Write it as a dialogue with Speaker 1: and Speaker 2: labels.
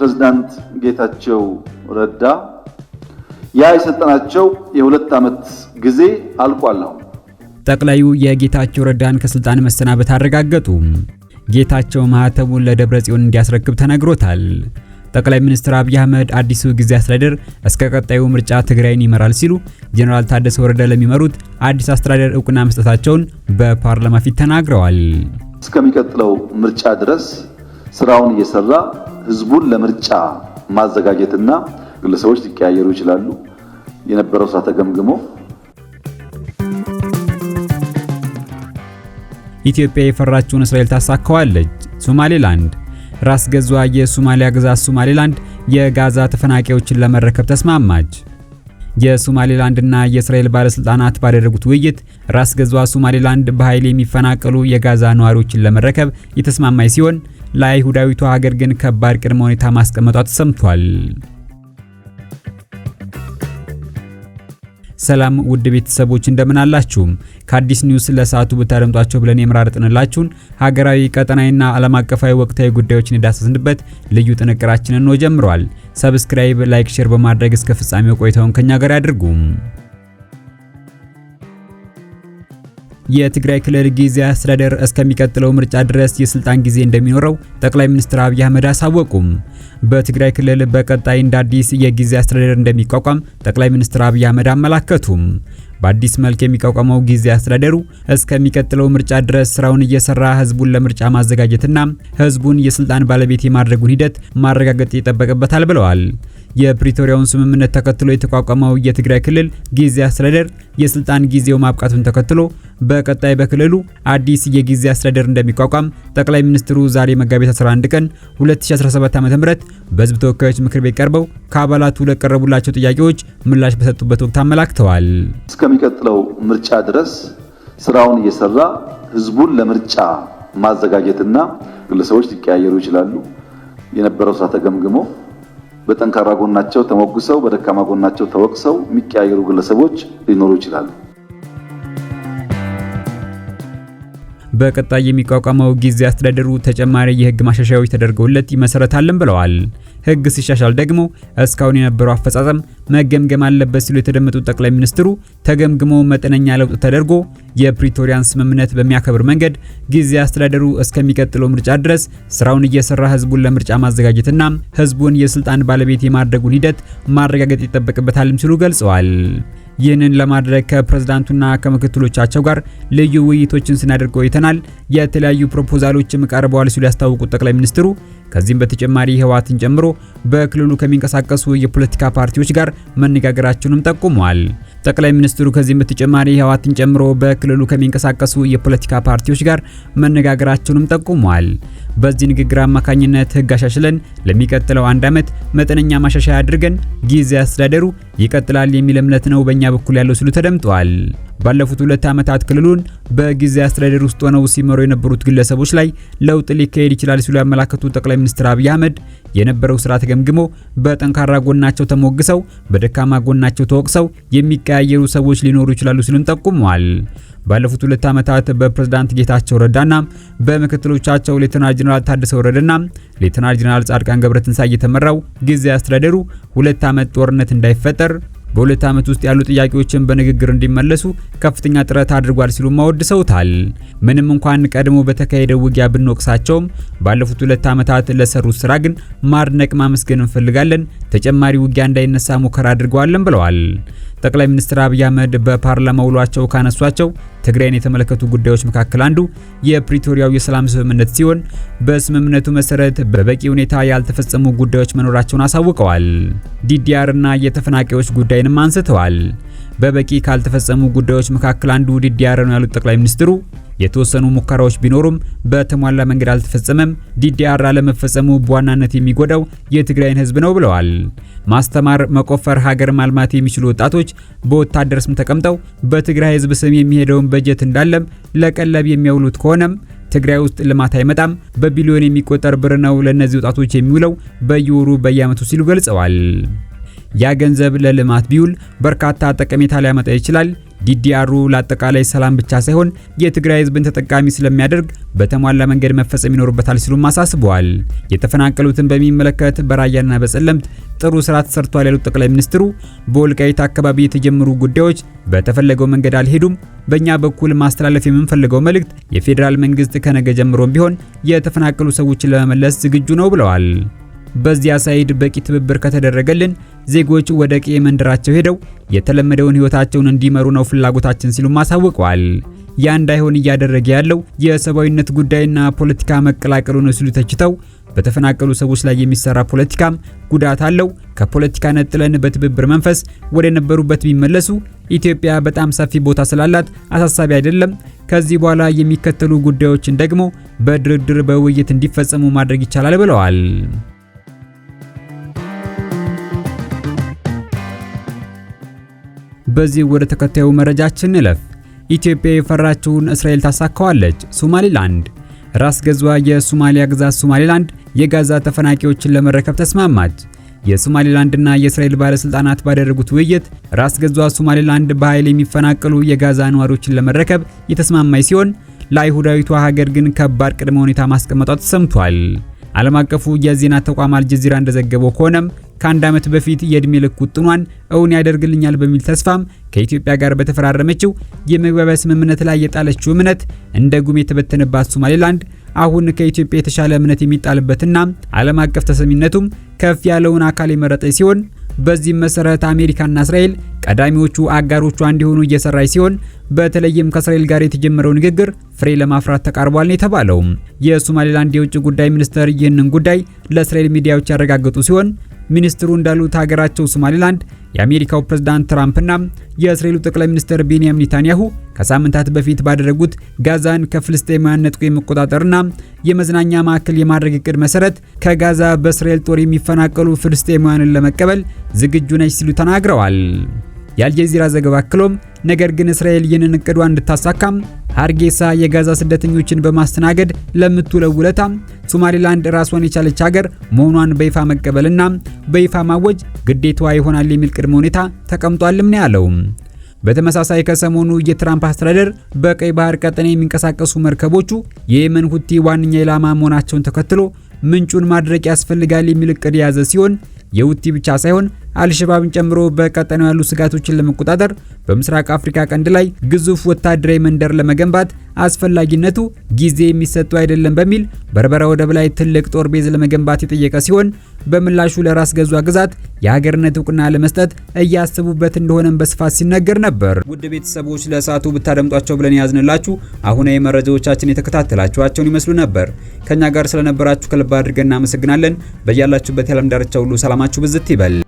Speaker 1: ፕሬዝዳንት ጌታቸው ረዳ ያ የሰጠናቸው የሁለት ዓመት ጊዜ አልቋል። ነው።
Speaker 2: ጠቅላዩ የጌታቸው ረዳን ከስልጣን መሰናበት አረጋገጡ። ጌታቸው ማህተሙን ለደብረ ጽዮን እንዲያስረክብ ተነግሮታል። ጠቅላይ ሚኒስትር አብይ አህመድ አዲሱ ጊዜ አስተዳደር እስከ ቀጣዩ ምርጫ ትግራይን ይመራል ሲሉ ጄኔራል ታደሰ ወረደ ለሚመሩት አዲስ አስተዳደር እውቅና መስጠታቸውን በፓርላማ ፊት ተናግረዋል።
Speaker 1: እስከሚቀጥለው ምርጫ ድረስ ስራውን እየሰራ ህዝቡን ለምርጫ ማዘጋጀትና ግለሰቦች ሊቀያየሩ ይችላሉ። የነበረው ስራ ተገምግሞ
Speaker 2: ኢትዮጵያ የፈራችውን እስራኤል ታሳካዋለች። ሶማሌላንድ ራስ ገዟ የሶማሊያ ግዛት ሶማሌላንድ የጋዛ ተፈናቃዮችን ለመረከብ ተስማማች። የሶማሌላንድና የእስራኤል ባለስልጣናት ባደረጉት ውይይት ራስ ገዟ ሶማሌላንድ በኃይል የሚፈናቀሉ የጋዛ ነዋሪዎችን ለመረከብ የተስማማች ሲሆን ለአይሁዳዊቱ ሀገር ግን ከባድ ቅድመ ሁኔታ ማስቀመጧ ተሰምቷል። ሰላም ውድ ቤተሰቦች እንደምን አላችሁ? ከአዲስ ኒውስ ለሰዓቱ ብታደምጧቸው ብለን የምራርጥንላችሁን ሀገራዊ፣ ቀጠናዊና ዓለም አቀፋዊ ወቅታዊ ጉዳዮችን የዳሰስንበት ልዩ ጥንቅራችንን ነው ጀምሯል። ሰብስክራይብ፣ ላይክ፣ ሼር በማድረግ እስከ ፍጻሜው ቆይታውን ከኛ ጋር ያድርጉ። የትግራይ ክልል ጊዜያዊ አስተዳደር እስከሚቀጥለው ምርጫ ድረስ የስልጣን ጊዜ እንደሚኖረው ጠቅላይ ሚኒስትር አብይ አህመድ አሳወቁም። በትግራይ ክልል በቀጣይ እንደ አዲስ የጊዜያዊ አስተዳደር እንደሚቋቋም ጠቅላይ ሚኒስትር አብይ አህመድ አመላከቱም። በአዲስ መልክ የሚቋቋመው ጊዜያዊ አስተዳደሩ እስከሚቀጥለው ምርጫ ድረስ ስራውን እየሰራ ህዝቡን ለምርጫ ማዘጋጀትና ህዝቡን የስልጣን ባለቤት የማድረጉን ሂደት ማረጋገጥ ይጠበቅበታል ብለዋል። የፕሪቶሪያውን ስምምነት ተከትሎ የተቋቋመው የትግራይ ክልል ጊዜያዊ አስተዳደር የስልጣን ጊዜው ማብቃቱን ተከትሎ በቀጣይ በክልሉ አዲስ የጊዜ አስተዳደር እንደሚቋቋም ጠቅላይ ሚኒስትሩ ዛሬ መጋቢት 11 ቀን 2017 ዓ.ም በህዝብ ተወካዮች ምክር ቤት ቀርበው ከአባላቱ ለቀረቡላቸው ጥያቄዎች ምላሽ በሰጡበት ወቅት አመላክተዋል።
Speaker 1: እስከሚቀጥለው ምርጫ ድረስ ስራውን እየሰራ ህዝቡን ለምርጫ ማዘጋጀትና ግለሰቦች ሊቀያየሩ ይችላሉ። የነበረው ስራ ተገምግሞ በጠንካራ ጎናቸው ተሞግሰው በደካማ ጎናቸው ተወቅሰው የሚቀያየሩ ግለሰቦች ሊኖሩ ይችላሉ።
Speaker 2: በቀጣይ የሚቋቋመው ጊዜ አስተዳደሩ ተጨማሪ የህግ ማሻሻያዎች ተደርገውለት ይመሰረታልን ብለዋል። ህግ ሲሻሻል ደግሞ እስካሁን የነበረው አፈጻጸም መገምገም አለበት ሲሉ የተደመጡት ጠቅላይ ሚኒስትሩ ተገምግሞ መጠነኛ ለውጥ ተደርጎ የፕሪቶሪያን ስምምነት በሚያከብር መንገድ ጊዜ አስተዳደሩ እስከሚቀጥለው ምርጫ ድረስ ስራውን እየሰራ ህዝቡን ለምርጫ ማዘጋጀትና ህዝቡን የስልጣን ባለቤት የማድረጉን ሂደት ማረጋገጥ ይጠበቅበታልም ሲሉ ገልጸዋል። ይህንን ለማድረግ ከፕሬዝዳንቱና ከምክትሎቻቸው ጋር ልዩ ውይይቶችን ስናደርግ ቆይተናል። የተለያዩ ፕሮፖዛሎችም ቀርበዋል ሲሉ ያስታወቁት ጠቅላይ ሚኒስትሩ ከዚህም በተጨማሪ ህወሓትን ጨምሮ በክልሉ ከሚንቀሳቀሱ የፖለቲካ ፓርቲዎች ጋር መነጋገራቸውንም ጠቁመዋል። ጠቅላይ ሚኒስትሩ ከዚህም በተጨማሪ ህወሓትን ጨምሮ በክልሉ ከሚንቀሳቀሱ የፖለቲካ ፓርቲዎች ጋር መነጋገራቸውንም ጠቁሟል። በዚህ ንግግር አማካኝነት ህግ አሻሽለን ለሚቀጥለው አንድ ዓመት መጠነኛ ማሻሻያ አድርገን ጊዜ አስተዳደሩ ይቀጥላል የሚል እምነት ነው በእኛ በኩል ያለው ሲሉ ተደምጧል። ባለፉት ሁለት ዓመታት ክልሉን በጊዜ አስተዳደር ውስጥ ሆነው ሲመሩ የነበሩት ግለሰቦች ላይ ለውጥ ሊካሄድ ይችላል ሲሉ ያመላከቱ ጠቅላይ ሚኒስትር አብይ አህመድ የነበረው ስራ ተገምግሞ በጠንካራ ጎናቸው ተሞግሰው በደካማ ጎናቸው ተወቅሰው የሚቀያየሩ ሰዎች ሊኖሩ ይችላሉ ሲሉም ጠቁመዋል። ባለፉት ሁለት ዓመታት በፕሬዝዳንት ጌታቸው ረዳና በምክትሎቻቸው ሌተናል ጀነራል ታደሰ ወረደና ሌተናል ጀነራል ጻድቃን ገብረትንሳኤ የተመራው ጊዜያዊ አስተዳደሩ ሁለት ዓመት ጦርነት እንዳይፈጠር በሁለት ዓመት ውስጥ ያሉ ጥያቄዎችን በንግግር እንዲመለሱ ከፍተኛ ጥረት አድርጓል ሲሉ አወድሰውታል። ምንም እንኳን ቀድሞ በተካሄደው ውጊያ ብንወቅሳቸውም ባለፉት ሁለት ዓመታት ለሰሩት ስራ ግን ማድነቅ ማመስገን እንፈልጋለን። ተጨማሪ ውጊያ እንዳይነሳ ሙከራ አድርገዋለን ብለዋል። ጠቅላይ ሚኒስትር አብይ አህመድ በፓርላማ ውሏቸው ካነሷቸው ትግራይን የተመለከቱ ጉዳዮች መካከል አንዱ የፕሪቶሪያው የሰላም ስምምነት ሲሆን በስምምነቱ መሰረት በበቂ ሁኔታ ያልተፈጸሙ ጉዳዮች መኖራቸውን አሳውቀዋል። ዲዲአርና የተፈናቃዮች ጉዳይንም አንስተዋል። በበቂ ካልተፈጸሙ ጉዳዮች መካከል አንዱ ዲዲአር ነው ያሉት ጠቅላይ ሚኒስትሩ የተወሰኑ ሙከራዎች ቢኖሩም በተሟላ መንገድ አልተፈጸመም። ዲዲአር አለመፈጸሙ በዋናነት የሚጎዳው የትግራይን ሕዝብ ነው ብለዋል። ማስተማር፣ መቆፈር፣ ሀገር ማልማት የሚችሉ ወጣቶች በወታደር ስም ተቀምጠው በትግራይ ሕዝብ ስም የሚሄደውን በጀት እንዳለም ለቀለብ የሚያውሉት ከሆነም ትግራይ ውስጥ ልማት አይመጣም። በቢሊዮን የሚቆጠር ብር ነው ለእነዚህ ወጣቶች የሚውለው በየወሩ በየአመቱ ሲሉ ገልጸዋል። ያ ገንዘብ ለልማት ቢውል በርካታ ጠቀሜታ ሊያመጣ ይችላል። ዲዲአሩ ለአጠቃላይ ሰላም ብቻ ሳይሆን የትግራይ ህዝብን ተጠቃሚ ስለሚያደርግ በተሟላ መንገድ መፈጸም ይኖርበታል ሲሉም አሳስበዋል። የተፈናቀሉትን በሚመለከት በራያና በጸለምት ጥሩ ስራ ተሰርቷል ያሉት ጠቅላይ ሚኒስትሩ በወልቃይት አካባቢ የተጀመሩ ጉዳዮች በተፈለገው መንገድ አልሄዱም፣ በእኛ በኩል ማስተላለፍ የምንፈልገው መልእክት የፌዴራል መንግስት ከነገ ጀምሮም ቢሆን የተፈናቀሉ ሰዎችን ለመመለስ ዝግጁ ነው ብለዋል። በዚያ ሳይድ በቂ ትብብር ከተደረገልን ዜጎች ወደ ቀዬ መንደራቸው ሄደው የተለመደውን ህይወታቸውን እንዲመሩ ነው ፍላጎታችን ሲሉ አሳውቀዋል። ያ እንዳይሆን እያደረገ ያለው የሰብአዊነት ጉዳይና ፖለቲካ መቀላቀሉ ነው ሲሉ ተችተው በተፈናቀሉ ሰዎች ላይ የሚሰራ ፖለቲካም ጉዳት አለው። ከፖለቲካ ነጥለን በትብብር መንፈስ ወደ ነበሩበት ቢመለሱ ኢትዮጵያ በጣም ሰፊ ቦታ ስላላት አሳሳቢ አይደለም። ከዚህ በኋላ የሚከተሉ ጉዳዮችን ደግሞ በድርድር በውይይት እንዲፈጸሙ ማድረግ ይቻላል ብለዋል። በዚህ ወደ ተከታዩ መረጃችን እንለፍ። ኢትዮጵያ የፈራችውን እስራኤል ታሳካዋለች። ሶማሊላንድ ራስ ገዟ የሶማሊያ ግዛት ሶማሊላንድ የጋዛ ተፈናቂዎችን ለመረከብ ተስማማች። የሶማሊላንድና የእስራኤል ባለስልጣናት ባደረጉት ውይይት ራስ ገዟ ሶማሊላንድ በኃይል የሚፈናቀሉ የጋዛ ነዋሪዎችን ለመረከብ የተስማማች ሲሆን ለአይሁዳዊቷ ሀገር ግን ከባድ ቅድመ ሁኔታ ማስቀመጧ ተሰምቷል። ዓለም አቀፉ የዜና ተቋም አልጀዚራ እንደዘገበው ከሆነም ከአንድ ዓመት በፊት የእድሜ ልክ ውጥኗን እውን ያደርግልኛል በሚል ተስፋም ከኢትዮጵያ ጋር በተፈራረመችው የመግባቢያ ስምምነት ላይ የጣለችው እምነት እንደ ጉም የተበተነባት ሶማሌላንድ አሁን ከኢትዮጵያ የተሻለ እምነት የሚጣልበትና ዓለም አቀፍ ተሰሚነቱም ከፍ ያለውን አካል የመረጠ ሲሆን በዚህም መሰረት አሜሪካና እስራኤል ቀዳሚዎቹ አጋሮቿ እንዲሆኑ እየሰራች ሲሆን በተለይም ከእስራኤል ጋር የተጀመረው ንግግር ፍሬ ለማፍራት ተቃርቧል ነው የተባለው። የሶማሌላንድ የውጭ ጉዳይ ሚኒስተር ይህንን ጉዳይ ለእስራኤል ሚዲያዎች ያረጋገጡ ሲሆን ሚኒስትሩ እንዳሉት ሀገራቸው ሶማሊላንድ የአሜሪካው ፕሬዝዳንት ትራምፕና የእስራኤሉ ጠቅላይ ሚኒስትር ቤንያሚን ኔታንያሁ ከሳምንታት በፊት ባደረጉት ጋዛን ከፍልስጤማውያን ነጥቆ የመቆጣጠርና የመዝናኛ ማዕከል የማድረግ እቅድ መሰረት ከጋዛ በእስራኤል ጦር የሚፈናቀሉ ፍልስጤማውያንን ለመቀበል ዝግጁ ነች ሲሉ ተናግረዋል። የአልጀዚራ ዘገባ አክሎም ነገር ግን እስራኤል ይህንን እቅዷ እንድታሳካም ሀርጌሳ የጋዛ ስደተኞችን በማስተናገድ ለምትውለው ውለታ ሶማሌላንድ ራሷን የቻለች ሀገር መሆኗን በይፋ መቀበልና በይፋ ማወጅ ግዴታዋ ይሆናል የሚል ቅድመ ሁኔታ ተቀምጧልም ነው ያለው። በተመሳሳይ ከሰሞኑ የትራምፕ አስተዳደር በቀይ ባህር ቀጠና የሚንቀሳቀሱ መርከቦቹ የየመን ሁቲ ዋነኛ ኢላማ መሆናቸውን ተከትሎ ምንጩን ማድረቅ ያስፈልጋል የሚል እቅድ የያዘ ሲሆን የሁቲ ብቻ ሳይሆን አልሸባብን ጨምሮ በቀጠናው ያሉ ስጋቶችን ለመቆጣጠር በምስራቅ አፍሪካ ቀንድ ላይ ግዙፍ ወታደራዊ መንደር ለመገንባት አስፈላጊነቱ ጊዜ የሚሰጠው አይደለም በሚል በርበራ ወደብ ላይ ትልቅ ጦር ቤዝ ለመገንባት የጠየቀ ሲሆን በምላሹ ለራስ ገዟ ግዛት የሀገርነት እውቅና ለመስጠት እያስቡበት እንደሆነም በስፋት ሲነገር ነበር። ውድ ቤተሰቦች ለሰዓቱ ብታደምጧቸው ብለን ያዝንላችሁ አሁናዊ መረጃዎቻችን የተከታተላችኋቸውን ይመስሉ ነበር። ከኛ ጋር ስለነበራችሁ ከልብ አድርገን እናመሰግናለን። በያላችሁበት የዓለም ዳርቻ ሁሉ ሰላማችሁ ብዝት ይበል።